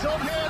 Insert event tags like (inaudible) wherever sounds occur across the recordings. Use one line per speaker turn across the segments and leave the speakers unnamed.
He's on here.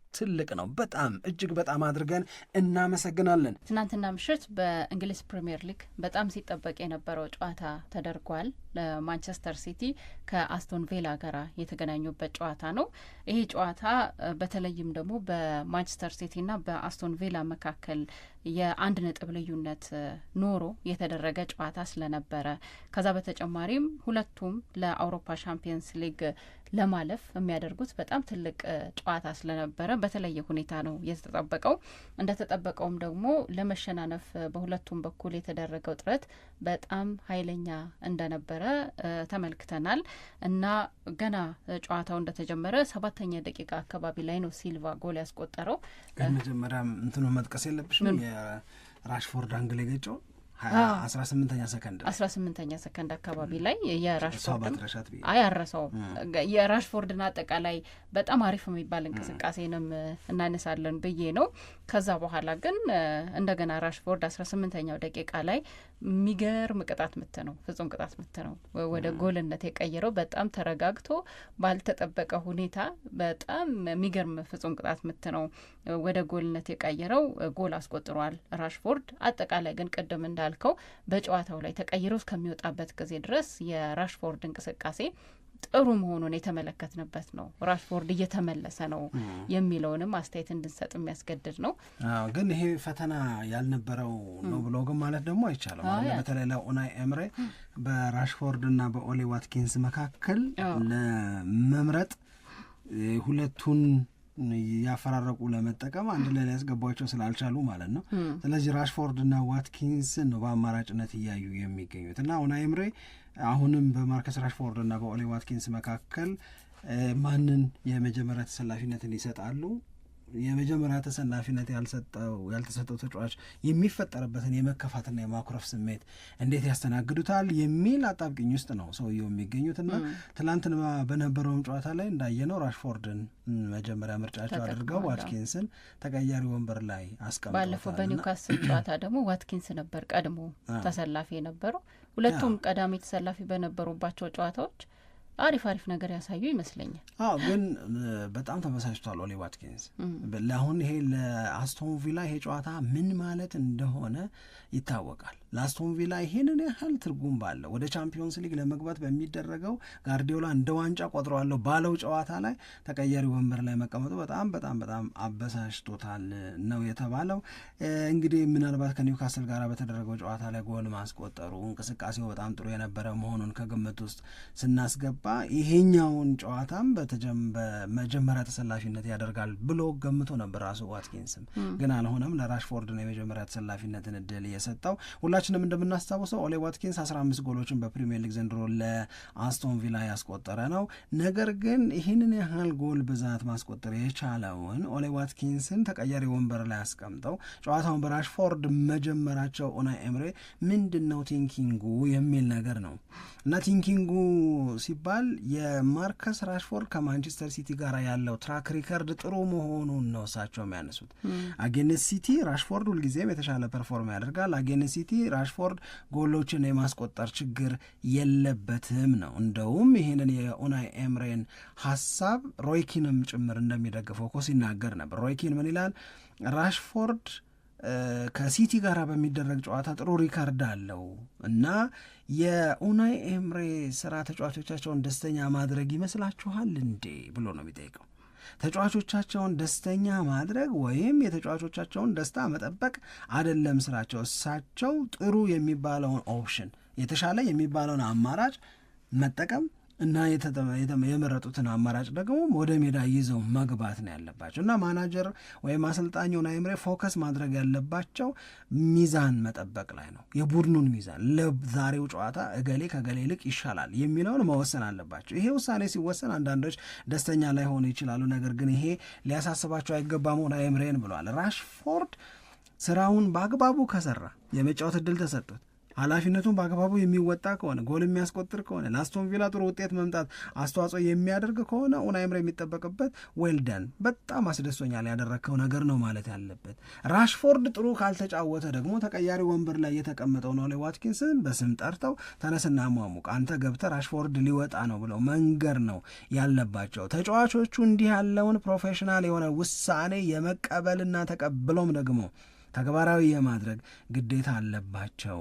ትልቅ ነው። በጣም እጅግ በጣም አድርገን እናመሰግናለን።
ትናንትና ምሽት በእንግሊዝ ፕሪምየር ሊግ በጣም ሲጠበቅ የነበረው ጨዋታ ተደርጓል። ለማንቸስተር ሲቲ ከአስቶን ቬላ ጋር የተገናኙበት ጨዋታ ነው። ይሄ ጨዋታ በተለይም ደግሞ በማንቸስተር ሲቲና በአስቶን ቬላ መካከል የአንድ ነጥብ ልዩነት ኖሮ የተደረገ ጨዋታ ስለነበረ ከዛ በተጨማሪም ሁለቱም ለአውሮፓ ሻምፒየንስ ሊግ ለማለፍ የሚያደርጉት በጣም ትልቅ ጨዋታ ስለነበረ በተለየ ሁኔታ ነው የተጠበቀው። እንደተጠበቀውም ደግሞ ለመሸናነፍ በሁለቱም በኩል የተደረገው ጥረት በጣም ኃይለኛ እንደነበረ ተመልክተናል እና ገና ጨዋታው እንደተጀመረ ሰባተኛ ደቂቃ አካባቢ ላይ ነው ሲልቫ ጎል ያስቆጠረው።
መጀመሪያ እንትኑ መጥቀስ የለብሽም የራሽፎርድ አንግል የገጨው አስራ ስምንተኛ ሰከንድ
አስራ ስምንተኛ ሰከንድ አካባቢ ላይ የራሽፎርድ አያረሰውም የራሽፎርድን አጠቃላይ በጣም አሪፍ የሚባል እንቅስቃሴንም እናነሳለን ብዬ ነው። ከዛ በኋላ ግን እንደገና ራሽፎርድ አስራ ስምንተኛው ደቂቃ ላይ የሚገርም ቅጣት ምት ነው፣ ፍጹም ቅጣት ምት ነው ወደ ጎልነት የቀየረው። በጣም ተረጋግቶ ባልተጠበቀ ሁኔታ በጣም የሚገርም ፍጹም ቅጣት ምት ነው ወደ ጎልነት የቀየረው። ጎል አስቆጥሯል ራሽፎርድ። አጠቃላይ ግን ቅድም እንዳለ እንዳልከው በጨዋታው ላይ ተቀይሮ እስከሚወጣበት ጊዜ ድረስ የራሽፎርድ እንቅስቃሴ ጥሩ መሆኑን የተመለከትንበት ነው። ራሽፎርድ እየተመለሰ ነው የሚለውንም አስተያየት እንድንሰጥ የሚያስገድድ ነው።
ግን ይሄ ፈተና ያልነበረው ነው ብሎ ግን ማለት ደግሞ አይቻልም። በተለይ ለኡናይ ኤምሬ በራሽፎርድ እና በኦሌ ዋትኪንስ መካከል ለመምረጥ ሁለቱን ያፈራረቁ ለመጠቀም አንድ ላይ ሊያስገቧቸው ስላልቻሉ ማለት ነው። ስለዚህ ራሽፎርድ እና ዋትኪንስ ነው በአማራጭነት እያዩ የሚገኙት እና ኡናይ ኤምሬ አሁንም በማርከስ ራሽፎርድ እና በኦሊ ዋትኪንስ መካከል ማንን የመጀመሪያ ተሰላፊነትን ይሰጣሉ የመጀመሪያ ተሰላፊነት ያልተሰጠው ተጫዋች የሚፈጠርበትን የመከፋትና የማኩረፍ ስሜት እንዴት ያስተናግዱታል የሚል አጣብቂኝ ውስጥ ነው ሰውየው የሚገኙትና ትናንትና በነበረውም ጨዋታ ላይ እንዳየነው ራሽፎርድን መጀመሪያ ምርጫቸው አድርገው ዋትኪንስን ተቀያሪ ወንበር ላይ አስቀምጠዋል።
ባለፈው በኒውካስል (clears throat) ጨዋታ ደግሞ ዋትኪንስ ነበር ቀድሞ ተሰላፊ የነበረው። ሁለቱም ቀዳሚ ተሰላፊ በነበሩባቸው ጨዋታዎች አሪፍ አሪፍ ነገር ያሳዩ ይመስለኛል።
አዎ ግን በጣም ተመሳጭቷል ኦሊ ዋትኪንስ ለአሁን ይሄ ለአስቶን ቪላ ይሄ ጨዋታ ምን ማለት እንደሆነ ይታወቃል። ለአስቶን ቪላ ይሄንን ያህል ትርጉም ባለው ወደ ቻምፒዮንስ ሊግ ለመግባት በሚደረገው ጋርዲዮላ እንደ ዋንጫ ቆጥረዋለሁ ባለው ጨዋታ ላይ ተቀያሪ ወንበር ላይ መቀመጡ በጣም በጣም በጣም አበሳጭቶታል ነው የተባለው። እንግዲህ ምናልባት ከኒውካስል ጋር በተደረገው ጨዋታ ላይ ጎል ማስቆጠሩ እንቅስቃሴው በጣም ጥሩ የነበረ መሆኑን ከግምት ውስጥ ስናስገባ ይሄኛውን ጨዋታም በመጀመሪያ ተሰላፊነት ያደርጋል ብሎ ገምቶ ነበር ራሱ ዋትኪንስም፣ ግን አልሆነም። ለራሽፎርድ ነው የመጀመሪያ ተሰላፊነትን እድል የሰጠው። ሁላችንም እንደምናስታውሰው ኦሌ ዋትኪንስ 15 ጎሎችን በፕሪሚየር ሊግ ዘንድሮ ለአስቶን ቪላ ያስቆጠረ ነው። ነገር ግን ይህንን ያህል ጎል ብዛት ማስቆጠር የቻለውን ኦሌ ዋትኪንስን ተቀያሪ ወንበር ላይ አስቀምጠው ጨዋታውን በራሽፎርድ መጀመራቸው ኦና ኤምሬ ምንድን ነው ቲንኪንጉ የሚል ነገር ነው እና ቲንኪንጉ ሲባል የማርከስ ራሽፎርድ ከማንቸስተር ሲቲ ጋር ያለው ትራክ ሪከርድ ጥሩ መሆኑን ነው እሳቸው የሚያነሱት። አጌንስ ሲቲ ራሽፎርድ ሁልጊዜም የተሻለ ፐርፎርም ያደርጋል። አጌንስ ሲቲ ራሽፎርድ ጎሎችን የማስቆጠር ችግር የለበትም ነው። እንደውም ይህንን የኡናይ ኤምሬን ሀሳብ ሮይኪንም ጭምር እንደሚደግፈው እኮ ሲናገር ነበር። ሮይኪን ምን ይላል? ራሽፎርድ ከሲቲ ጋር በሚደረግ ጨዋታ ጥሩ ሪካርድ አለው እና የኡናይ ኤምሬ ስራ ተጫዋቾቻቸውን ደስተኛ ማድረግ ይመስላችኋል እንዴ ብሎ ነው የሚጠይቀው። ተጫዋቾቻቸውን ደስተኛ ማድረግ ወይም የተጫዋቾቻቸውን ደስታ መጠበቅ አይደለም ስራቸው። እሳቸው ጥሩ የሚባለውን ኦፕሽን የተሻለ የሚባለውን አማራጭ መጠቀም እና የመረጡትን አማራጭ ደግሞ ወደ ሜዳ ይዘው መግባት ነው ያለባቸው እና ማናጀር ወይም አሰልጣኝ አይምሬ ፎከስ ማድረግ ያለባቸው ሚዛን መጠበቅ ላይ ነው። የቡድኑን ሚዛን ለዛሬው ጨዋታ እገሌ ከገሌ ይልቅ ይሻላል የሚለውን መወሰን አለባቸው። ይሄ ውሳኔ ሲወሰን አንዳንዶች ደስተኛ ላይሆኑ ይችላሉ። ነገር ግን ይሄ ሊያሳስባቸው አይገባም አይምሬን ኤምሬን ብለዋል። ራሽፎርድ ስራውን በአግባቡ ከሰራ የመጫወት እድል ተሰጡት ኃላፊነቱን በአግባቡ የሚወጣ ከሆነ ጎል የሚያስቆጥር ከሆነ ለአስቶን ቪላ ጥሩ ውጤት መምጣት አስተዋጽኦ የሚያደርግ ከሆነ ኡናይ ኤምሪ የሚጠበቅበት ዌልደን በጣም አስደሶኛል ያደረግከው ነገር ነው ማለት ያለበት። ራሽፎርድ ጥሩ ካልተጫወተ ደግሞ ተቀያሪ ወንበር ላይ የተቀመጠው ነው ዋትኪንስን በስም ጠርተው ተነስና ሟሙቅ አንተ ገብተ ራሽፎርድ ሊወጣ ነው ብለው መንገር ነው ያለባቸው። ተጫዋቾቹ እንዲህ ያለውን ፕሮፌሽናል የሆነ ውሳኔ የመቀበልና ተቀብሎም ደግሞ ተግባራዊ የማድረግ ግዴታ አለባቸው።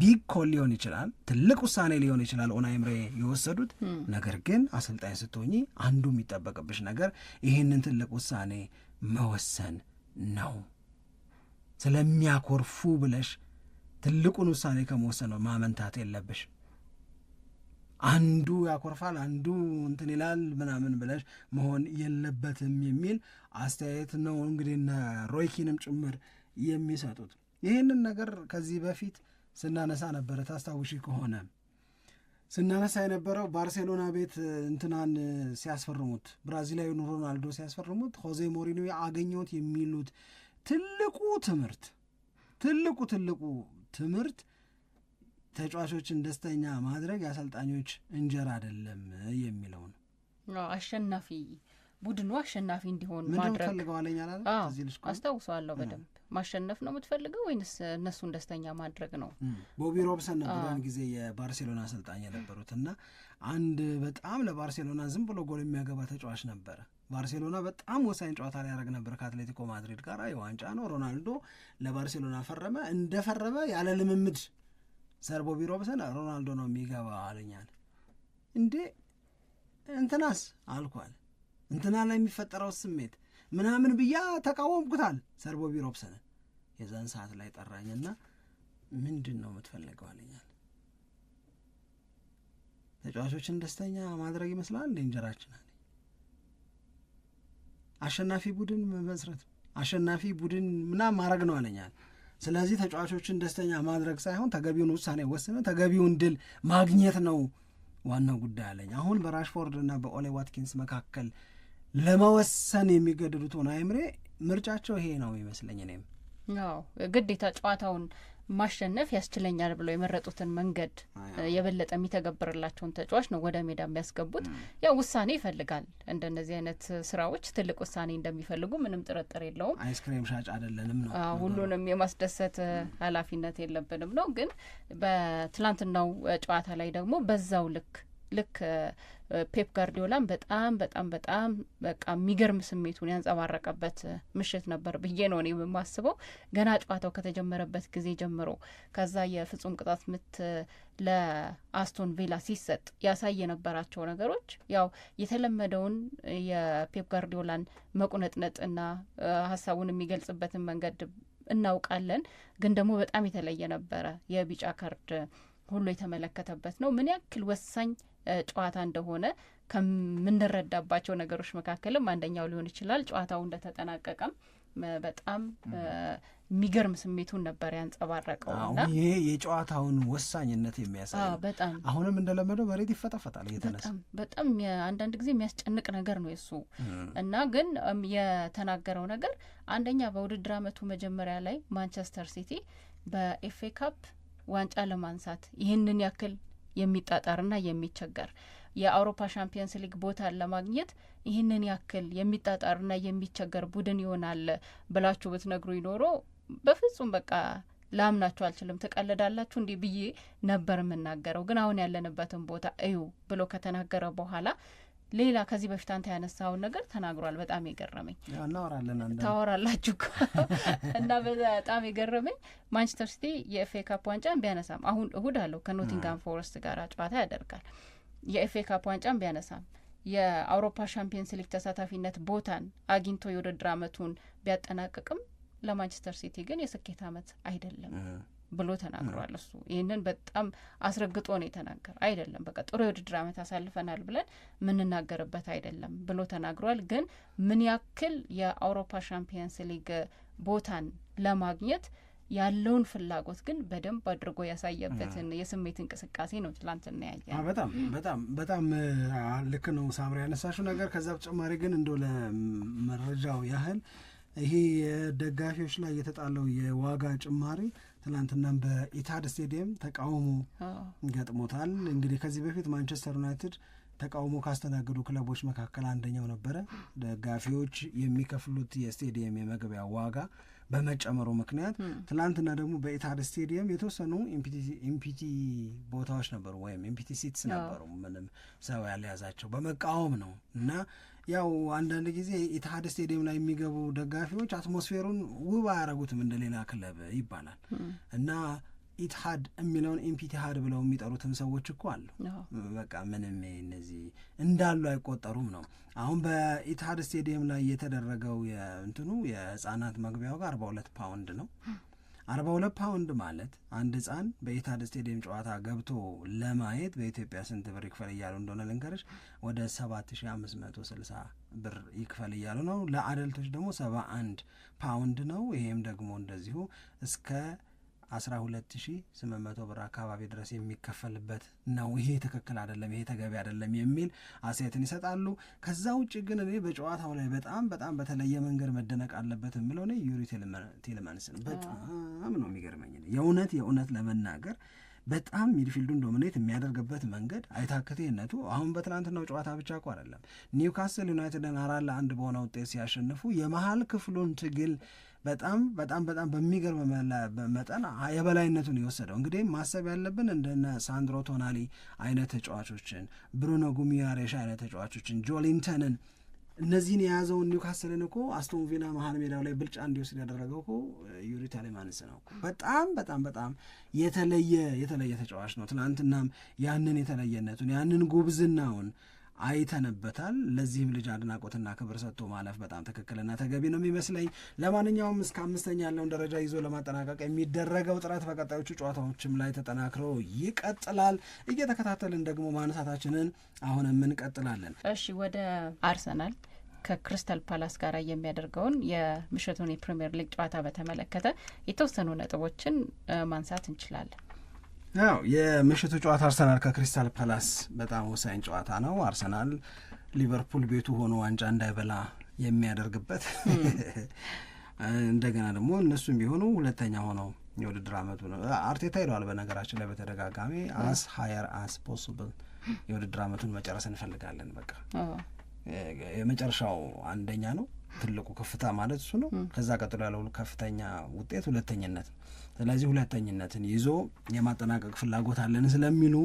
ቢግ ኮል ሊሆን ይችላል፣ ትልቅ ውሳኔ ሊሆን ይችላል ኡናይ ኤምሬ የወሰዱት። ነገር ግን አሰልጣኝ ስትሆኚ አንዱ የሚጠበቅብሽ ነገር ይህንን ትልቅ ውሳኔ መወሰን ነው። ስለሚያኮርፉ ብለሽ ትልቁን ውሳኔ ከመወሰን ማመንታት የለብሽ። አንዱ ያኮርፋል፣ አንዱ እንትን ይላል ምናምን ብለሽ መሆን የለበትም የሚል አስተያየት ነው እንግዲህ ሮይኪንም ጭምር የሚሰጡት። ይህንን ነገር ከዚህ በፊት ስናነሳ ነበረ። ታስታውሺ ከሆነ ስናነሳ የነበረው ባርሴሎና ቤት እንትናን ሲያስፈርሙት ብራዚላዊውን ሮናልዶ ሲያስፈርሙት ሆዜ ሞሪኒዮ አገኘሁት የሚሉት ትልቁ ትምህርት ትልቁ ትልቁ ትምህርት ተጫዋቾችን ደስተኛ ማድረግ የአሰልጣኞች እንጀራ አይደለም የሚለው ነው።
አሸናፊ ቡድኑ አሸናፊ እንዲሆን ማድረግ አስታውሰዋለሁ። በደንብ ማሸነፍ ነው የምትፈልገው ወይንስ እነሱን ደስተኛ ማድረግ ነው?
ቦቢ ሮብሰን ነበር ጊዜ የባርሴሎና አሰልጣኝ የነበሩት እና አንድ በጣም ለባርሴሎና ዝም ብሎ ጎል የሚያገባ ተጫዋች ነበረ። ባርሴሎና በጣም ወሳኝ ጨዋታ ላይ ያደረግ ነበር ከአትሌቲኮ ማድሪድ ጋር የዋንጫ ነው። ሮናልዶ ለባርሴሎና ፈረመ። እንደፈረመ ያለ ልምምድ ሰር ቦቢ ሮብሰን ሮናልዶ ነው የሚገባ አለኛል። እንዴ እንትናስ አልኳል እንትና ላይ የሚፈጠረው ስሜት ምናምን ብያ ተቃወምኩታል ሰርቦ ቢሮብሰንን። የዛን ሰዓት ላይ ጠራኝና ምንድን ነው የምትፈልገው አለኛል። ተጫዋቾችን ደስተኛ ማድረግ ይመስላል እንጀራችን አለ። አሸናፊ ቡድን መመስረት አሸናፊ ቡድን ምናምን ማድረግ ነው አለኛል። ስለዚህ ተጫዋቾችን ደስተኛ ማድረግ ሳይሆን ተገቢውን ውሳኔ ወስነ ተገቢውን ድል ማግኘት ነው ዋናው ጉዳይ አለኝ። አሁን በራሽፎርድ እና በኦሌ ዋትኪንስ መካከል ለመወሰን የሚገድዱት ሆነ አይምሬ ምርጫቸው ይሄ ነው ይመስለኝ። እኔም
አዎ ግዴታ ጨዋታውን ማሸነፍ ያስችለኛል ብለው የመረጡትን መንገድ የበለጠ የሚተገብርላቸውን ተጫዋች ነው ወደ ሜዳ የሚያስገቡት። ያው ውሳኔ ይፈልጋል። እንደነዚህ አይነት ስራዎች ትልቅ ውሳኔ እንደሚፈልጉ ምንም ጥርጥር የለውም።
አይስክሬም ሻጭ አይደለንም ነው
ሁሉንም የማስደሰት ኃላፊነት የለብንም ነው። ግን በትላንትናው ጨዋታ ላይ ደግሞ በዛው ልክ ልክ ፔፕ ጋርዲዮላን በጣም በጣም በጣም በቃ የሚገርም ስሜቱን ያንጸባረቀበት ምሽት ነበር ብዬ ነው እኔ የማስበው። ገና ጨዋታው ከተጀመረበት ጊዜ ጀምሮ ከዛ የፍጹም ቅጣት ምት ለአስቶን ቪላ ሲሰጥ ያሳይ የነበራቸው ነገሮች ያው የተለመደውን የፔፕ ጋርዲዮላን መቁነጥነጥና ሀሳቡን የሚገልጽበትን መንገድ እናውቃለን። ግን ደግሞ በጣም የተለየ ነበረ የቢጫ ካርድ ሁሉ የተመለከተበት ነው። ምን ያክል ወሳኝ ጨዋታ እንደሆነ ከምንረዳባቸው ነገሮች መካከልም አንደኛው ሊሆን ይችላል። ጨዋታው እንደተጠናቀቀም በጣም የሚገርም ስሜቱን ነበር ያንጸባረቀው።
ይሄ የጨዋታውን ወሳኝነት የሚያሳይ በጣም አሁንም እንደለመደው መሬት ይፈጠፈጣል
እየተነሳ በጣም አንዳንድ ጊዜ የሚያስጨንቅ ነገር ነው የሱ እና ግን የተናገረው ነገር አንደኛ በውድድር ዓመቱ መጀመሪያ ላይ ማንቸስተር ሲቲ በኤፍኤ ካፕ ዋንጫ ለማንሳት ይህንን ያክል የሚጣጣርና የሚቸገር የአውሮፓ ሻምፒየንስ ሊግ ቦታን ለማግኘት ይህንን ያክል የሚጣጣርና የሚቸገር ቡድን ይሆናል ብላችሁ ብትነግሩ ይኖሮ በፍጹም በቃ ላምናችሁ አልችልም። ትቀልዳላችሁ እንዲህ ብዬ ነበር የምናገረው። ግን አሁን ያለንበትን ቦታ እዩ ብሎ ከተናገረ በኋላ ሌላ ከዚህ በፊት አንተ ያነሳውን ነገር ተናግሯል። በጣም የገረመኝ እናወራለን ታወራላችሁ እና በጣም የገረመኝ ማንቸስተር ሲቲ የኤፍኤ ካፕ ዋንጫን ቢያነሳም አሁን እሁድ አለው ከኖቲንጋም ፎረስት ጋር ጨዋታ ያደርጋል። የኤፍኤ ካፕ ዋንጫን ቢያነሳም የአውሮፓ ሻምፒየንስ ሊግ ተሳታፊነት ቦታን አግኝቶ የውድድር አመቱን ቢያጠናቅቅም ለማንቸስተር ሲቲ ግን የስኬት አመት አይደለም። ብሎ ተናግሯል። እሱ ይህንን በጣም አስረግጦ ነው የተናገር አይደለም። በቃ ጥሩ የውድድር ዓመት አሳልፈናል ብለን የምንናገርበት አይደለም ብሎ ተናግሯል። ግን ምን ያክል የአውሮፓ ሻምፒየንስ ሊግ ቦታን ለማግኘት ያለውን ፍላጎት ግን በደንብ አድርጎ ያሳየበትን የስሜት እንቅስቃሴ ነው ትላንትና ያየ።
በጣም በጣም በጣም ልክ ነው ሳምሪ ያነሳሽው ነገር። ከዛ በተጨማሪ ግን እንደው ለመረጃው ያህል ይሄ የደጋፊዎች ላይ የተጣለው የዋጋ ጭማሪ ትናንትናም በኢታድ ስቴዲየም ተቃውሞ ገጥሞታል። እንግዲህ ከዚህ በፊት ማንቸስተር ዩናይትድ ተቃውሞ ካስተናገዱ ክለቦች መካከል አንደኛው ነበረ። ደጋፊዎች የሚከፍሉት የስቴዲየም የመግቢያ ዋጋ በመጨመሩ ምክንያት ትናንትና ደግሞ በኢታድ ስቴዲየም የተወሰኑ ኢምፒቲ ቦታዎች ነበሩ፣ ወይም ኢምፒቲ ሲትስ ነበሩ፣ ምንም ሰው ያልያዛቸው በመቃወም ነው እና ያው አንዳንድ ጊዜ ኢትሃድ ስቴዲየም ላይ የሚገቡ ደጋፊዎች አትሞስፌሩን ውብ አያረጉትም እንደሌላ ክለብ ይባላል እና ኢትሃድ የሚለውን ኢምፒቲሃድ ብለው የሚጠሩትም ሰዎች እኮ አሉ። በቃ ምንም እነዚህ እንዳሉ አይቆጠሩም ነው። አሁን በኢትሃድ ስቴዲየም ላይ የተደረገው የእንትኑ የህጻናት መግቢያ ዋጋ አርባ ሁለት ፓውንድ ነው። አርባ ሁለት ፓውንድ ማለት አንድ ህፃን በኢታድ ስቴዲየም ጨዋታ ገብቶ ለማየት በኢትዮጵያ ስንት ብር ይክፈል እያሉ እንደሆነ ልንገርሽ፣ ወደ ሰባት ሺ አምስት መቶ ስልሳ ብር ይክፈል እያሉ ነው። ለአደልቶች ደግሞ ሰባ አንድ ፓውንድ ነው። ይሄም ደግሞ እንደዚሁ እስከ አስራ ሁለት ሺ ስምንት መቶ ብር አካባቢ ድረስ የሚከፈልበት ነው። ይሄ ትክክል አይደለም፣ ይሄ ተገቢ አይደለም የሚል አስተያየትን ይሰጣሉ። ከዛ ውጭ ግን እኔ በጨዋታው ላይ በጣም በጣም በተለየ መንገድ መደነቅ አለበት የምለው እኔ ዩሪ ቴልማንስ ነው። በጣም ነው የሚገርመኝ የእውነት የእውነት ለመናገር በጣም ሚድፊልዱን ዶሚኔት የሚያደርግበት መንገድ አይታክቴነቱ አሁን በትናንትናው ጨዋታ ብቻ እኮ አይደለም ኒውካስል ዩናይትድን አራት ለአንድ በሆነ ውጤት ሲያሸንፉ የመሀል ክፍሉን ትግል በጣም በጣም በጣም በሚገርም መጠን የበላይነቱን የወሰደው። እንግዲህ ማሰብ ያለብን እንደነ ሳንድሮ ቶናሊ አይነት ተጫዋቾችን፣ ብሩኖ ጉሚያሬሽ አይነት ተጫዋቾችን፣ ጆሊንተንን እነዚህን የያዘውን ኒውካስልን እኮ አስቶን ቪላ መሀል ሜዳው ላይ ብልጫ እንዲወስድ ያደረገው እኮ ዩሪ ቲለማንስ ነው። በጣም በጣም በጣም የተለየ የተለየ ተጫዋች ነው። ትናንትናም ያንን የተለየነቱን ያንን ጉብዝናውን አይተንበታል። ለዚህም ልጅ አድናቆትና ክብር ሰጥቶ ማለፍ በጣም ትክክልና ተገቢ ነው የሚመስለኝ። ለማንኛውም እስከ አምስተኛ ያለውን ደረጃ ይዞ ለማጠናቀቅ የሚደረገው ጥረት በቀጣዮቹ ጨዋታዎችም ላይ ተጠናክሮ ይቀጥላል። እየተከታተልን ደግሞ ማንሳታችንን አሁንም እንቀጥላለን።
እሺ ወደ አርሰናል ከክሪስታል ፓላስ ጋር የሚያደርገውን የምሽቱን የፕሪምየር ሊግ ጨዋታ በተመለከተ የተወሰኑ ነጥቦችን ማንሳት እንችላለን።
ያው የምሽቱ ጨዋታ አርሰናል ከክሪስታል ፓላስ በጣም ወሳኝ ጨዋታ ነው። አርሰናል ሊቨርፑል ቤቱ ሆኖ ዋንጫ እንዳይበላ የሚያደርግበት (laughs) እንደገና ደግሞ እነሱም ቢሆኑ ሁለተኛ ሆነው የውድድር አመቱ ነው። አርቴታ ይለዋል በነገራችን ላይ በተደጋጋሚ አስ ሀየር አስ ፖስብል የውድድር አመቱን መጨረስ እንፈልጋለን። በቃ የመጨረሻው አንደኛ ነው ትልቁ ከፍታ ማለት እሱ ነው። ከዛ ቀጥሎ ያለው ከፍተኛ ውጤት ሁለተኝነት ነው። ስለዚህ ሁለተኝነትን ይዞ የማጠናቀቅ ፍላጎት አለን ስለሚሉ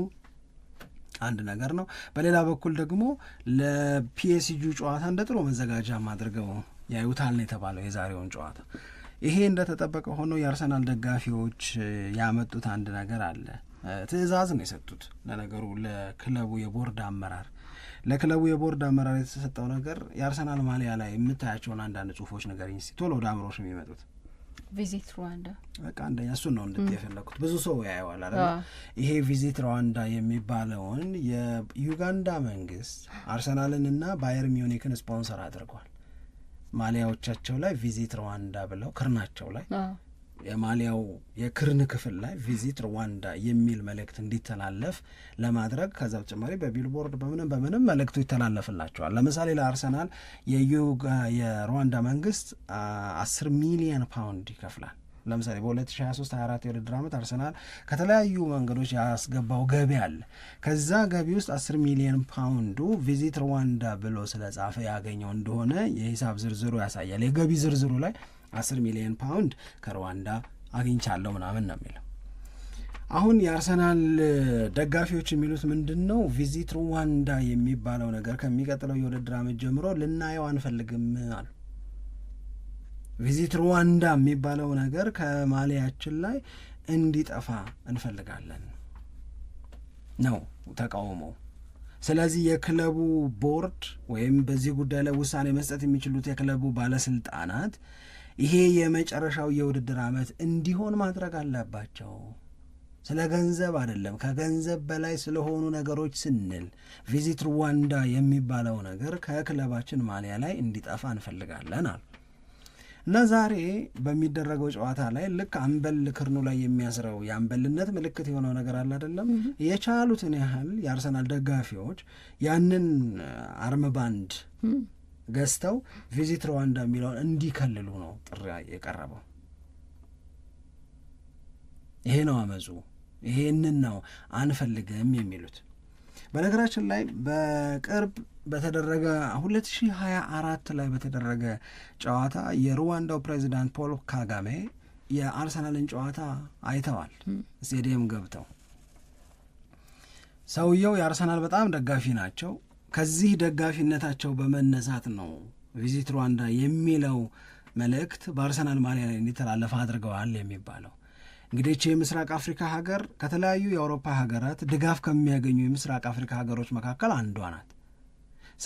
አንድ ነገር ነው። በሌላ በኩል ደግሞ ለፒኤስጂ ጨዋታ እንደ ጥሩ መዘጋጃም አድርገው ያዩታል ነው የተባለው የዛሬውን ጨዋታ። ይሄ እንደተጠበቀ ሆኖ የአርሰናል ደጋፊዎች ያመጡት አንድ ነገር አለ። ትዕዛዝ ነው የሰጡት ለነገሩ ለክለቡ የቦርድ አመራር ለክለቡ የቦርድ አመራር የተሰጠው ነገር የአርሰናል ማሊያ ላይ የምታያቸውን አንዳንድ ጽሁፎች ነገር ቶሎ ወደ አእምሮሽ የሚመጡት
ቪዚት ሩዋንዳ
በቃ አንደኛ እሱን ነው እንድት የፈለግኩት ብዙ ሰው ያየዋል አለ ይሄ ቪዚት ሩዋንዳ የሚባለውን የዩጋንዳ መንግስት አርሰናልን አርሰናልንና ባየር ሚዩኒክን ስፖንሰር አድርጓል ማሊያዎቻቸው ላይ ቪዚት ሩዋንዳ ብለው ክርናቸው ላይ የማሊያው የክርን ክፍል ላይ ቪዚት ሩዋንዳ የሚል መልእክት እንዲተላለፍ ለማድረግ ከዛ በተጨማሪ በቢልቦርድ በምንም በምንም መልእክቱ ይተላለፍላቸዋል። ለምሳሌ ለአርሰናል የሩዋንዳ መንግስት አስር ሚሊየን ፓውንድ ይከፍላል። ለምሳሌ በ2023/24 የውድድር ዓመት አርሰናል ከተለያዩ መንገዶች ያስገባው ገቢ አለ። ከዛ ገቢ ውስጥ 10 ሚሊዮን ፓውንዱ ቪዚት ሩዋንዳ ብሎ ስለጻፈ ያገኘው እንደሆነ የሂሳብ ዝርዝሩ ያሳያል። የገቢ ዝርዝሩ ላይ አስር ሚሊዮን ፓውንድ ከሩዋንዳ አግኝቻለሁ ምናምን ነው የሚለው። አሁን የአርሰናል ደጋፊዎች የሚሉት ምንድን ነው? ቪዚት ሩዋንዳ የሚባለው ነገር ከሚቀጥለው የውድድር አመት ጀምሮ ልናየው አንፈልግም አሉ። ቪዚት ሩዋንዳ የሚባለው ነገር ከማሊያችን ላይ እንዲጠፋ እንፈልጋለን ነው ተቃውሞው። ስለዚህ የክለቡ ቦርድ ወይም በዚህ ጉዳይ ላይ ውሳኔ መስጠት የሚችሉት የክለቡ ባለስልጣናት ይሄ የመጨረሻው የውድድር ዓመት እንዲሆን ማድረግ አለባቸው። ስለ ገንዘብ አይደለም፣ ከገንዘብ በላይ ስለሆኑ ነገሮች ስንል ቪዚት ሩዋንዳ የሚባለው ነገር ከክለባችን ማሊያ ላይ እንዲጠፋ እንፈልጋለን አሉ እና ዛሬ በሚደረገው ጨዋታ ላይ ልክ አምበል ክርኑ ላይ የሚያስረው የአምበልነት ምልክት የሆነው ነገር አለ አይደለም። የቻሉትን ያህል የአርሰናል ደጋፊዎች ያንን አርም ባንድ ገዝተው ቪዚት ሩዋንዳ የሚለውን እንዲከልሉ ነው ጥሪ የቀረበው። ይሄ ነው አመፁ። ይሄንን ነው አንፈልግም የሚሉት። በነገራችን ላይ በቅርብ በተደረገ 2024 ላይ በተደረገ ጨዋታ የሩዋንዳው ፕሬዚዳንት ፖል ካጋሜ የአርሰናልን ጨዋታ አይተዋል። ስቴዲየም ገብተው ሰውየው የአርሰናል በጣም ደጋፊ ናቸው። ከዚህ ደጋፊነታቸው በመነሳት ነው ቪዚት ሩዋንዳ የሚለው መልእክት በአርሰናል ማሊያ ላይ እንዲተላለፈ አድርገዋል የሚባለው። እንግዲህ የምስራቅ አፍሪካ ሀገር ከተለያዩ የአውሮፓ ሀገራት ድጋፍ ከሚያገኙ የምስራቅ አፍሪካ ሀገሮች መካከል አንዷ ናት።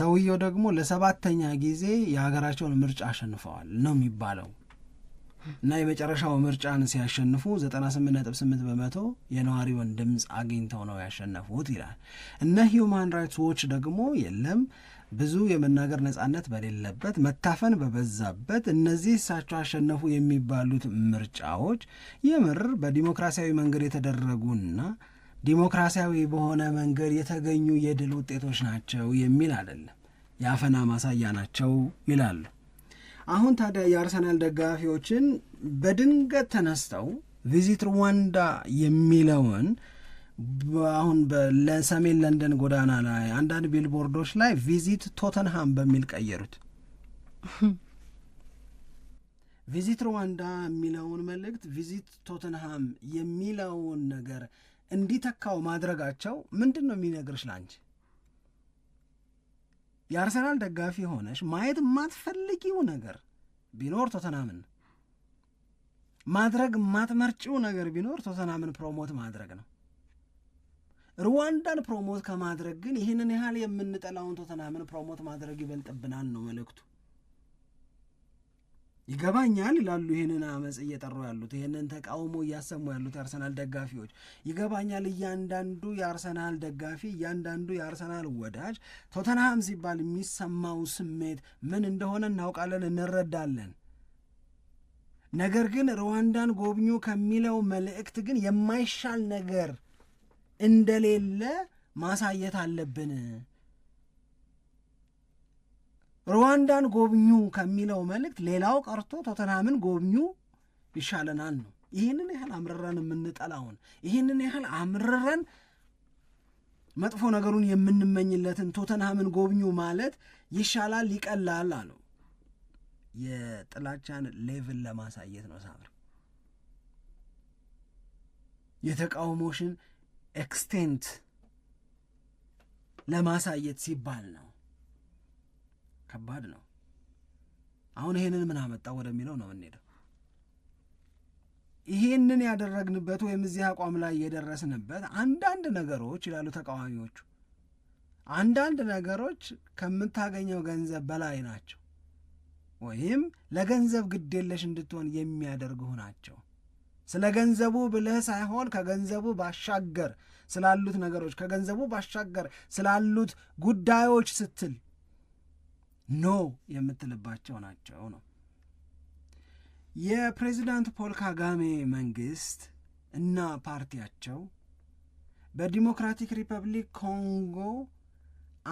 ሰውየው ደግሞ ለሰባተኛ ጊዜ የሀገራቸውን ምርጫ አሸንፈዋል ነው የሚባለው። እና የመጨረሻው ምርጫን ሲያሸንፉ 98.8 በመቶ የነዋሪውን ድምፅ አግኝተው ነው ያሸነፉት ይላል። እነ ሂውማን ራይትስ ዎች ደግሞ የለም ብዙ የመናገር ነጻነት በሌለበት መታፈን በበዛበት እነዚህ እሳቸው አሸነፉ የሚባሉት ምርጫዎች የምር በዲሞክራሲያዊ መንገድ የተደረጉና ዲሞክራሲያዊ በሆነ መንገድ የተገኙ የድል ውጤቶች ናቸው የሚል አይደለም፣ የአፈና ማሳያ ናቸው ይላሉ። አሁን ታዲያ የአርሰናል ደጋፊዎችን በድንገት ተነስተው ቪዚት ሩዋንዳ የሚለውን አሁን ለሰሜን ለንደን ጎዳና ላይ አንዳንድ ቢልቦርዶች ላይ ቪዚት ቶተንሃም በሚል ቀየሩት። ቪዚት (laughs) ሩዋንዳ የሚለውን መልእክት ቪዚት ቶተንሃም የሚለውን ነገር እንዲተካው ማድረጋቸው ምንድን ነው የሚነግርሽ ለአንቺ? የአርሰናል ደጋፊ ሆነሽ ማየት የማትፈልጊው ነገር ቢኖር ቶተናምን ማድረግ የማትመርጪው ነገር ቢኖር ቶተናምን ፕሮሞት ማድረግ ነው። ሩዋንዳን ፕሮሞት ከማድረግ ግን ይህንን ያህል የምንጠላውን ቶተናምን ፕሮሞት ማድረግ ይበልጥብናል ነው መልእክቱ። ይገባኛል ይላሉ ይህንን አመፅ እየጠሩ ያሉት ይህንን ተቃውሞ እያሰሙ ያሉት የአርሰናል ደጋፊዎች ይገባኛል። እያንዳንዱ የአርሰናል ደጋፊ እያንዳንዱ የአርሰናል ወዳጅ ቶተንሃም ሲባል የሚሰማው ስሜት ምን እንደሆነ እናውቃለን፣ እንረዳለን። ነገር ግን ሩዋንዳን ጎብኙ ከሚለው መልእክት ግን የማይሻል ነገር እንደሌለ ማሳየት አለብን። ሩዋንዳን ጎብኙ ከሚለው መልእክት ሌላው ቀርቶ ቶተንሃምን ጎብኙ ይሻለናል ነው። ይህንን ያህል አምርረን የምንጠላውን ይህንን ያህል አምርረን መጥፎ ነገሩን የምንመኝለትን ቶተንሃምን ጎብኙ ማለት ይሻላል፣ ይቀላል አሉ። የጥላቻን ሌቭል ለማሳየት ነው። ሳምር የተቃውሞሽን ኤክስቴንት ለማሳየት ሲባል ነው። ከባድ ነው። አሁን ይሄንን ምን አመጣ ወደሚለው ነው የምንሄደው። ይሄንን ያደረግንበት ወይም እዚህ አቋም ላይ የደረስንበት አንዳንድ ነገሮች ይላሉ ተቃዋሚዎቹ፣ አንዳንድ ነገሮች ከምታገኘው ገንዘብ በላይ ናቸው ወይም ለገንዘብ ግዴለሽ እንድትሆን የሚያደርጉህ ናቸው። ስለ ገንዘቡ ብለህ ሳይሆን ከገንዘቡ ባሻገር ስላሉት ነገሮች ከገንዘቡ ባሻገር ስላሉት ጉዳዮች ስትል ኖ የምትልባቸው ናቸው ነው። የፕሬዚዳንት ፖል ካጋሜ መንግስት እና ፓርቲያቸው በዲሞክራቲክ ሪፐብሊክ ኮንጎ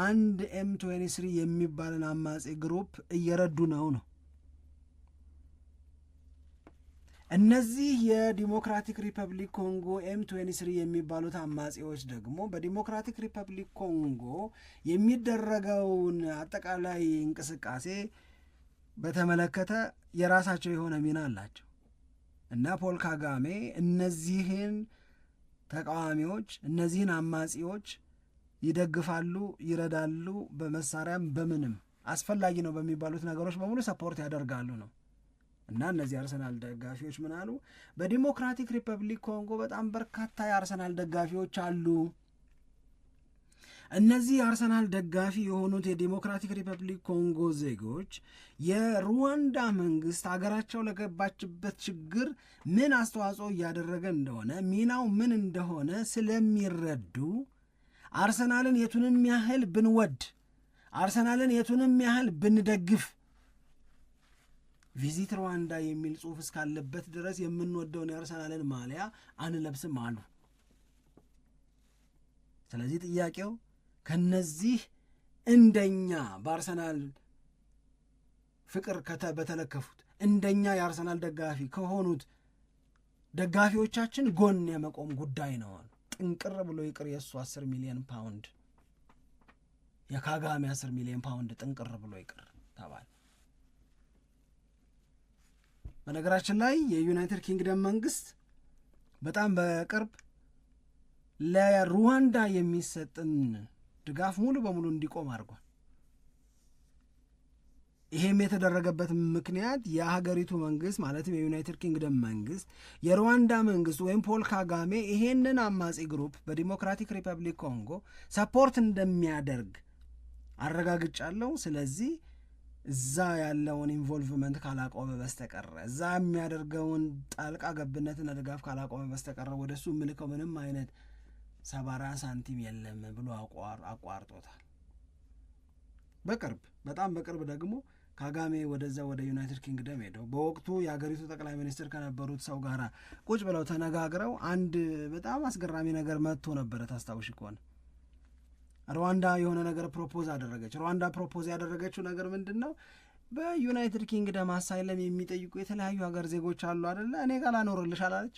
አንድ ኤም23 የሚባልን አማጼ ግሩፕ እየረዱ ነው ነው እነዚህ የዲሞክራቲክ ሪፐብሊክ ኮንጎ ኤም 23 የሚባሉት አማጺዎች ደግሞ በዲሞክራቲክ ሪፐብሊክ ኮንጎ የሚደረገውን አጠቃላይ እንቅስቃሴ በተመለከተ የራሳቸው የሆነ ሚና አላቸው እና ፖል ካጋሜ እነዚህን ተቃዋሚዎች እነዚህን አማጺዎች ይደግፋሉ፣ ይረዳሉ፣ በመሳሪያም በምንም አስፈላጊ ነው በሚባሉት ነገሮች በሙሉ ሰፖርት ያደርጋሉ ነው እና እነዚህ አርሰናል ደጋፊዎች ምን አሉ? በዲሞክራቲክ ሪፐብሊክ ኮንጎ በጣም በርካታ የአርሰናል ደጋፊዎች አሉ። እነዚህ የአርሰናል ደጋፊ የሆኑት የዲሞክራቲክ ሪፐብሊክ ኮንጎ ዜጎች የሩዋንዳ መንግስት ሀገራቸው ለገባችበት ችግር ምን አስተዋጽኦ እያደረገ እንደሆነ ሚናው ምን እንደሆነ ስለሚረዱ አርሰናልን የቱንም ያህል ብንወድ፣ አርሰናልን የቱንም ያህል ብንደግፍ ቪዚት ሩዋንዳ የሚል ጽሁፍ እስካለበት ድረስ የምንወደውን የአርሰናልን ማሊያ አንለብስም አሉ። ስለዚህ ጥያቄው ከነዚህ እንደኛ በአርሰናል ፍቅር በተለከፉት እንደኛ የአርሰናል ደጋፊ ከሆኑት ደጋፊዎቻችን ጎን የመቆም ጉዳይ ነው። ጥንቅር ብሎ ይቅር የእሱ አስር ሚሊዮን ፓውንድ የካጋሚ አስር ሚሊዮን ፓውንድ ጥንቅር ብሎ ይቅር ተባለ። በነገራችን ላይ የዩናይትድ ኪንግደም መንግስት በጣም በቅርብ ለሩዋንዳ የሚሰጥን ድጋፍ ሙሉ በሙሉ እንዲቆም አድርጓል። ይሄም የተደረገበት ምክንያት የሀገሪቱ መንግስት ማለትም የዩናይትድ ኪንግደም መንግስት የሩዋንዳ መንግስት ወይም ፖል ካጋሜ ይሄንን አማጺ ግሩፕ በዲሞክራቲክ ሪፐብሊክ ኮንጎ ሰፖርት እንደሚያደርግ አረጋግጫለሁ። ስለዚህ እዛ ያለውን ኢንቮልቭመንት ካላቆመ በስተቀር እዛ የሚያደርገውን ጣልቃ ገብነትና ድጋፍ ካላቆመ በስተቀር ወደ ምልከው ምንም አይነት ሰባራ ሳንቲም የለም ብሎ አቋርጦታል። በቅርብ በጣም በቅርብ ደግሞ ካጋሜ ወደዛ ወደ ዩናይትድ ኪንግደም ሄደው በወቅቱ የሀገሪቱ ጠቅላይ ሚኒስትር ከነበሩት ሰው ጋር ቁጭ ብለው ተነጋግረው አንድ በጣም አስገራሚ ነገር መጥቶ ነበረ ታስታውሽ ከሆነ ሩዋንዳ የሆነ ነገር ፕሮፖዝ አደረገች። ሩዋንዳ ፕሮፖዝ ያደረገችው ነገር ምንድን ነው? በዩናይትድ ኪንግደም አሳይለም የሚጠይቁ የተለያዩ ሀገር ዜጎች አሉ አደለ? እኔ ጋር ላኖርልሻል አለች።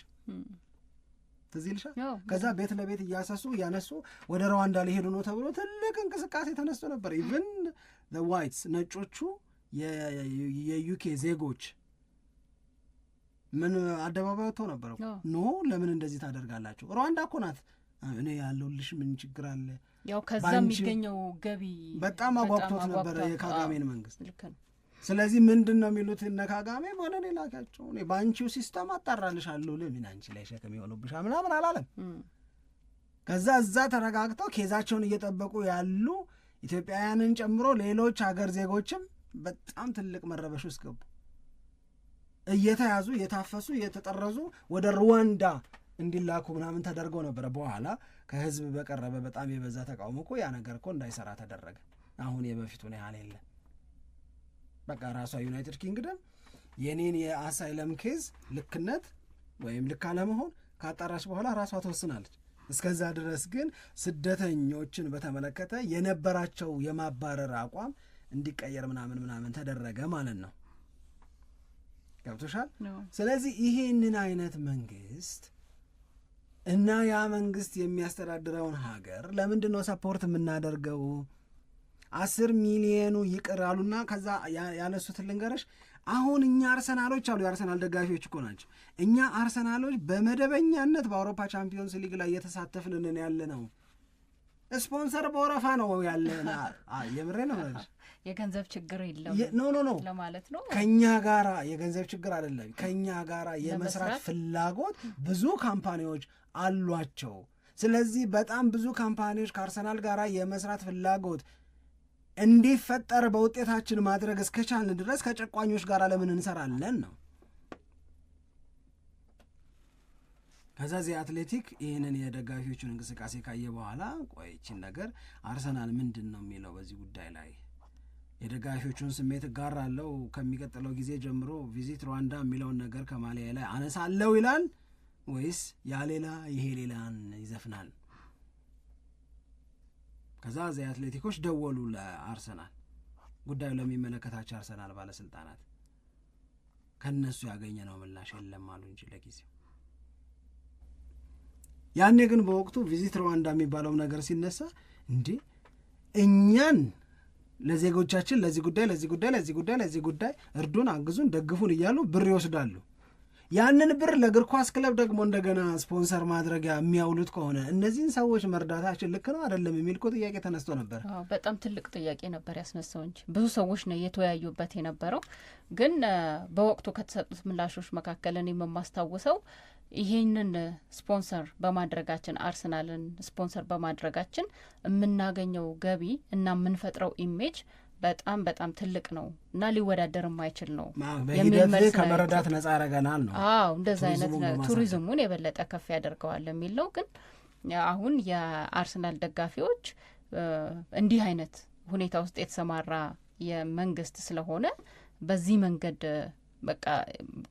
ትዝ ይልሻል። ከዛ ቤት ለቤት እያሰሱ እያነሱ ወደ ሩዋንዳ ሊሄዱ ነው ተብሎ ትልቅ እንቅስቃሴ ተነስቶ ነበር። ኢቨን ዋይትስ ነጮቹ የዩኬ ዜጎች ምን አደባባይ ወጥተው ነበር። ኖ ለምን እንደዚህ ታደርጋላችሁ? ሩዋንዳ እኮ ናት እኔ ያለሁልሽ ምን ችግር አለ?
ያው ከዛ የሚገኘው ገቢ
በጣም አጓጉቶት ነበረ የካጋሜን መንግስት። ስለዚህ ምንድን ነው የሚሉት እነ ካጋሜ በሆነ ሌላቸው እኔ በአንቺው ሲስተም አጣራልሻለሁ ለምን አንቺ ላይ ሸክም የሆኑብሻ ምናምን አላለም። ከዛ እዛ ተረጋግተው ኬዛቸውን እየጠበቁ ያሉ ኢትዮጵያውያንን ጨምሮ ሌሎች ሀገር ዜጎችም በጣም ትልቅ መረበሽ ውስጥ ገቡ። እየተያዙ እየታፈሱ እየተጠረዙ ወደ ሩዋንዳ እንዲላኩ ምናምን ተደርጎ ነበረ። በኋላ ከህዝብ በቀረበ በጣም የበዛ ተቃውሞ እኮ ያ ነገር እኮ እንዳይሰራ ተደረገ። አሁን የበፊቱን ያህል የለም። በቃ ራሷ ዩናይትድ ኪንግደም የኔን የአሳይለም ኬዝ ልክነት ወይም ልክ አለመሆን ካጣራች በኋላ ራሷ ትወስናለች። እስከዛ ድረስ ግን ስደተኞችን በተመለከተ የነበራቸው የማባረር አቋም እንዲቀየር ምናምን ምናምን ተደረገ ማለት ነው። ገብቶሻል? ስለዚህ ይሄንን አይነት መንግስት እና ያ መንግስት የሚያስተዳድረውን ሀገር ለምንድን ነው ሰፖርት የምናደርገው? አስር ሚሊየኑ ይቅር አሉና ከዛ ያነሱትን ልንገረሽ። አሁን እኛ አርሰናሎች አሉ የአርሰናል ደጋፊዎች እኮ ናቸው። እኛ አርሰናሎች በመደበኛነት በአውሮፓ ቻምፒዮንስ ሊግ ላይ እየተሳተፍንን ያለ ነው። ስፖንሰር በወረፋ ነው ያለ። የምሬ ነው።
የገንዘብ ችግር የለው ኖ ኖ ኖ ለማለት ነው።
ከእኛ ጋራ የገንዘብ ችግር አይደለም። ከእኛ ጋራ የመስራት ፍላጎት ብዙ ካምፓኒዎች አሏቸው። ስለዚህ በጣም ብዙ ካምፓኒዎች ከአርሰናል ጋር የመስራት ፍላጎት እንዲፈጠር በውጤታችን ማድረግ እስከቻልን ድረስ ከጨቋኞች ጋር ለምን እንሰራለን ነው። ከዛ ዚ አትሌቲክ ይህንን የደጋፊዎቹን እንቅስቃሴ ካየ በኋላ ቆይችን ነገር አርሰናል ምንድን ነው የሚለው በዚህ ጉዳይ ላይ የደጋፊዎቹን ስሜት እጋራለሁ፣ ከሚቀጥለው ጊዜ ጀምሮ ቪዚት ሩዋንዳ የሚለውን ነገር ከማሊያ ላይ አነሳለሁ ይላል። ወይስ ያ ሌላ ይሄ ሌላን ይዘፍናል? ከዛ ዚ አትሌቲኮች ደወሉ ለአርሰናል ጉዳዩ ለሚመለከታቸው አርሰናል ባለስልጣናት ያገኘ ያገኘነው ምላሽ የለም አሉ እንጂ ለጊዜው። ያኔ ግን በወቅቱ ቪዚት ሩዋንዳ የሚባለው ነገር ሲነሳ እንዴ እኛን ለዜጎቻችን ለዚህ ጉዳይ ለዚህ ጉዳይ ለዚህ ጉዳይ ለዚህ ጉዳይ እርዱን፣ አግዙን፣ ደግፉን እያሉ ብር ይወስዳሉ። ያንን ብር ለእግር ኳስ ክለብ ደግሞ እንደገና ስፖንሰር ማድረጊያ የሚያውሉት ከሆነ እነዚህን ሰዎች መርዳታችን ልክ ነው አይደለም የሚል እኮ ጥያቄ ተነስቶ ነበር።
በጣም ትልቅ ጥያቄ ነበር ያስነሳው እንጂ ብዙ ሰዎች ነው የተወያዩበት የነበረው። ግን በወቅቱ ከተሰጡት ምላሾች መካከል እኔ የማስታውሰው ይሄንን ስፖንሰር በማድረጋችን አርሰናልን ስፖንሰር በማድረጋችን የምናገኘው ገቢ እና የምንፈጥረው ኢሜጅ በጣም በጣም ትልቅ ነው እና ሊወዳደር የማይችል ነው።
ከመረዳት ነጻ ያረገናል ነው።
አዎ እንደዚ አይነት ቱሪዝሙን የበለጠ ከፍ ያደርገዋል የሚል ነው። ግን አሁን የአርሰናል ደጋፊዎች እንዲህ አይነት ሁኔታ ውስጥ የተሰማራ የመንግስት ስለሆነ በዚህ መንገድ በቃ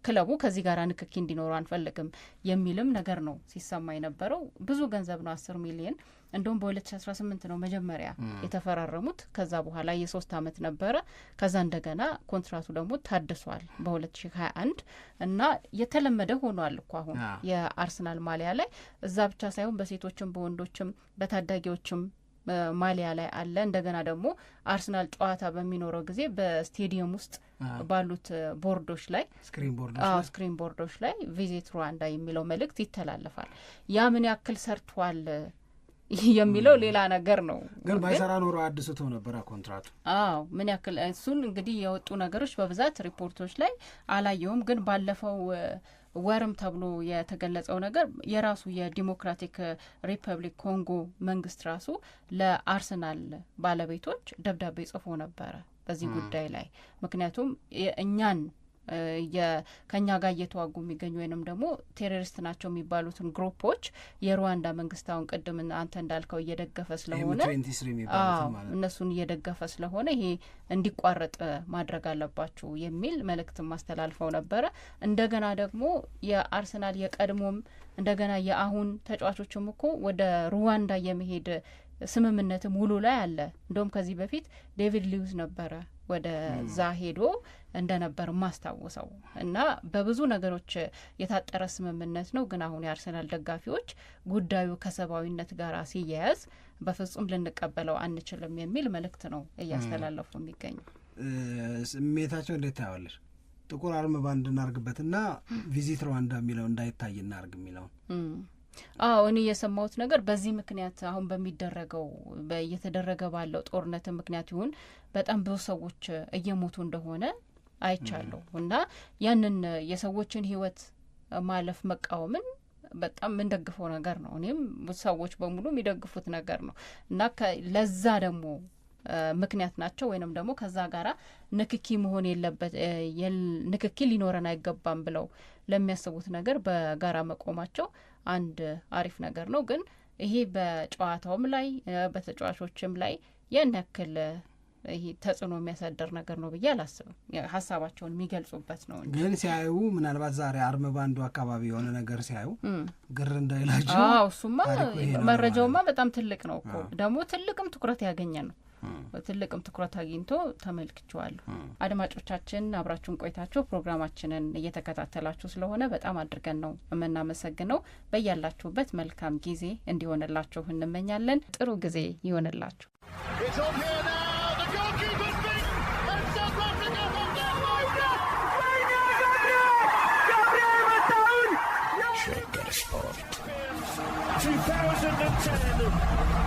ክለቡ ከዚህ ጋር ንክኪ እንዲኖሩ አንፈልግም የሚልም ነገር ነው ሲሰማ የነበረው። ብዙ ገንዘብ ነው አስር ሚሊየን እንደውም አስራ ስምንት ነው መጀመሪያ የተፈራረሙት። ከዛ በኋላ የሶስት አመት ነበረ። ከዛ እንደገና ኮንትራቱ ደግሞ ታድሷል ሀያ አንድ እና የተለመደ ሆኗል እኮ አሁን የአርሰናል ማሊያ ላይ እዛ ብቻ ሳይሆን በሴቶችም በወንዶችም በታዳጊዎችም ማሊያ ላይ አለ። እንደገና ደግሞ አርሰናል ጨዋታ በሚኖረው ጊዜ በስቴዲየም ውስጥ ባሉት ቦርዶች ላይ ስክሪን ቦርዶች ላይ ቪዚት ሩዋንዳ የሚለው መልእክት ይተላለፋል። ያ ምን ያክል ሰርቷል (laughs) የሚለው ሌላ ነገር ነው።
ግን ባይሰራ ኖሮ አድስቶ ነበረ ኮንትራቱ።
አዎ ምን ያክል እሱን እንግዲህ የወጡ ነገሮች በብዛት ሪፖርቶች ላይ አላየውም። ግን ባለፈው ወርም ተብሎ የተገለጸው ነገር የራሱ የዲሞክራቲክ ሪፐብሊክ ኮንጎ መንግስት ራሱ ለአርሰናል ባለቤቶች ደብዳቤ ጽፎ ነበረ በዚህ ጉዳይ ላይ ምክንያቱም እኛን ከኛ ጋር እየተዋጉ የሚገኙ ወይንም ደግሞ ቴሮሪስት ናቸው የሚባሉትን ግሩፖች የሩዋንዳ መንግስት አሁን ቅድም አንተ እንዳልከው እየደገፈ ስለሆነ እነሱን እየደገፈ ስለሆነ ይሄ እንዲቋረጥ ማድረግ አለባችሁ የሚል መልእክትም አስተላልፈው ነበረ። እንደገና ደግሞ የአርሰናል የቀድሞም እንደገና የአሁን ተጫዋቾችም እኮ ወደ ሩዋንዳ የመሄድ ስምምነትም ውሉ ላይ አለ። እንደውም ከዚህ በፊት ዴቪድ ሊዩዝ ነበረ ወደዛ ሄዶ እንደነበር ማስታውሰው እና በብዙ ነገሮች የታጠረ ስምምነት ነው። ግን አሁን የአርሰናል ደጋፊዎች ጉዳዩ ከሰብአዊነት ጋር ሲያያዝ በፍጹም ልንቀበለው አንችልም የሚል መልእክት ነው እያስተላለፉ የሚገኙ።
ስሜታቸው እንዴት ታየዋለሽ? ጥቁር አርም ባንድ እናርግበትና ቪዚት ሩዋንዳ የሚለው እንዳይታይ እናርግ የሚለውን
አዎ እኔ የሰማሁት ነገር በዚህ ምክንያት አሁን በሚደረገው እየተደረገ ባለው ጦርነት ምክንያት ይሁን በጣም ብዙ ሰዎች እየሞቱ እንደሆነ አይቻለሁ እና ያንን የሰዎችን ህይወት ማለፍ መቃወምን በጣም የምንደግፈው ነገር ነው። እኔም ሰዎች በሙሉ የሚደግፉት ነገር ነው እና ለዛ ደግሞ ምክንያት ናቸው ወይንም ደግሞ ከዛ ጋራ ንክኪ መሆን የለበት ንክኪ ሊኖረን አይገባም ብለው ለሚያስቡት ነገር በጋራ መቆማቸው አንድ አሪፍ ነገር ነው። ግን ይሄ በጨዋታውም ላይ በተጫዋቾችም ላይ ያን ያክል ይሄ ተጽዕኖ የሚያሳደር ነገር ነው ብዬ አላስብም። ሀሳባቸውን የሚገልጹበት ነው።
ግን ሲያዩ ምናልባት ዛሬ አርም ባንዱ አካባቢ የሆነ ነገር ሲያዩ ግር እንዳይላቸው
እሱማ መረጃውማ በጣም ትልቅ ነው እኮ ደግሞ ትልቅም ትኩረት ያገኘ ነው። ትልቅም ትኩረት አግኝቶ ተመልክቸዋለሁ። አድማጮቻችን አብራችሁን ቆይታችሁ ፕሮግራማችንን እየተከታተላችሁ ስለሆነ በጣም አድርገን ነው የምናመሰግነው። በያላችሁበት መልካም ጊዜ እንዲሆንላችሁ እንመኛለን። ጥሩ ጊዜ ይሆንላችሁ። Sport. 2010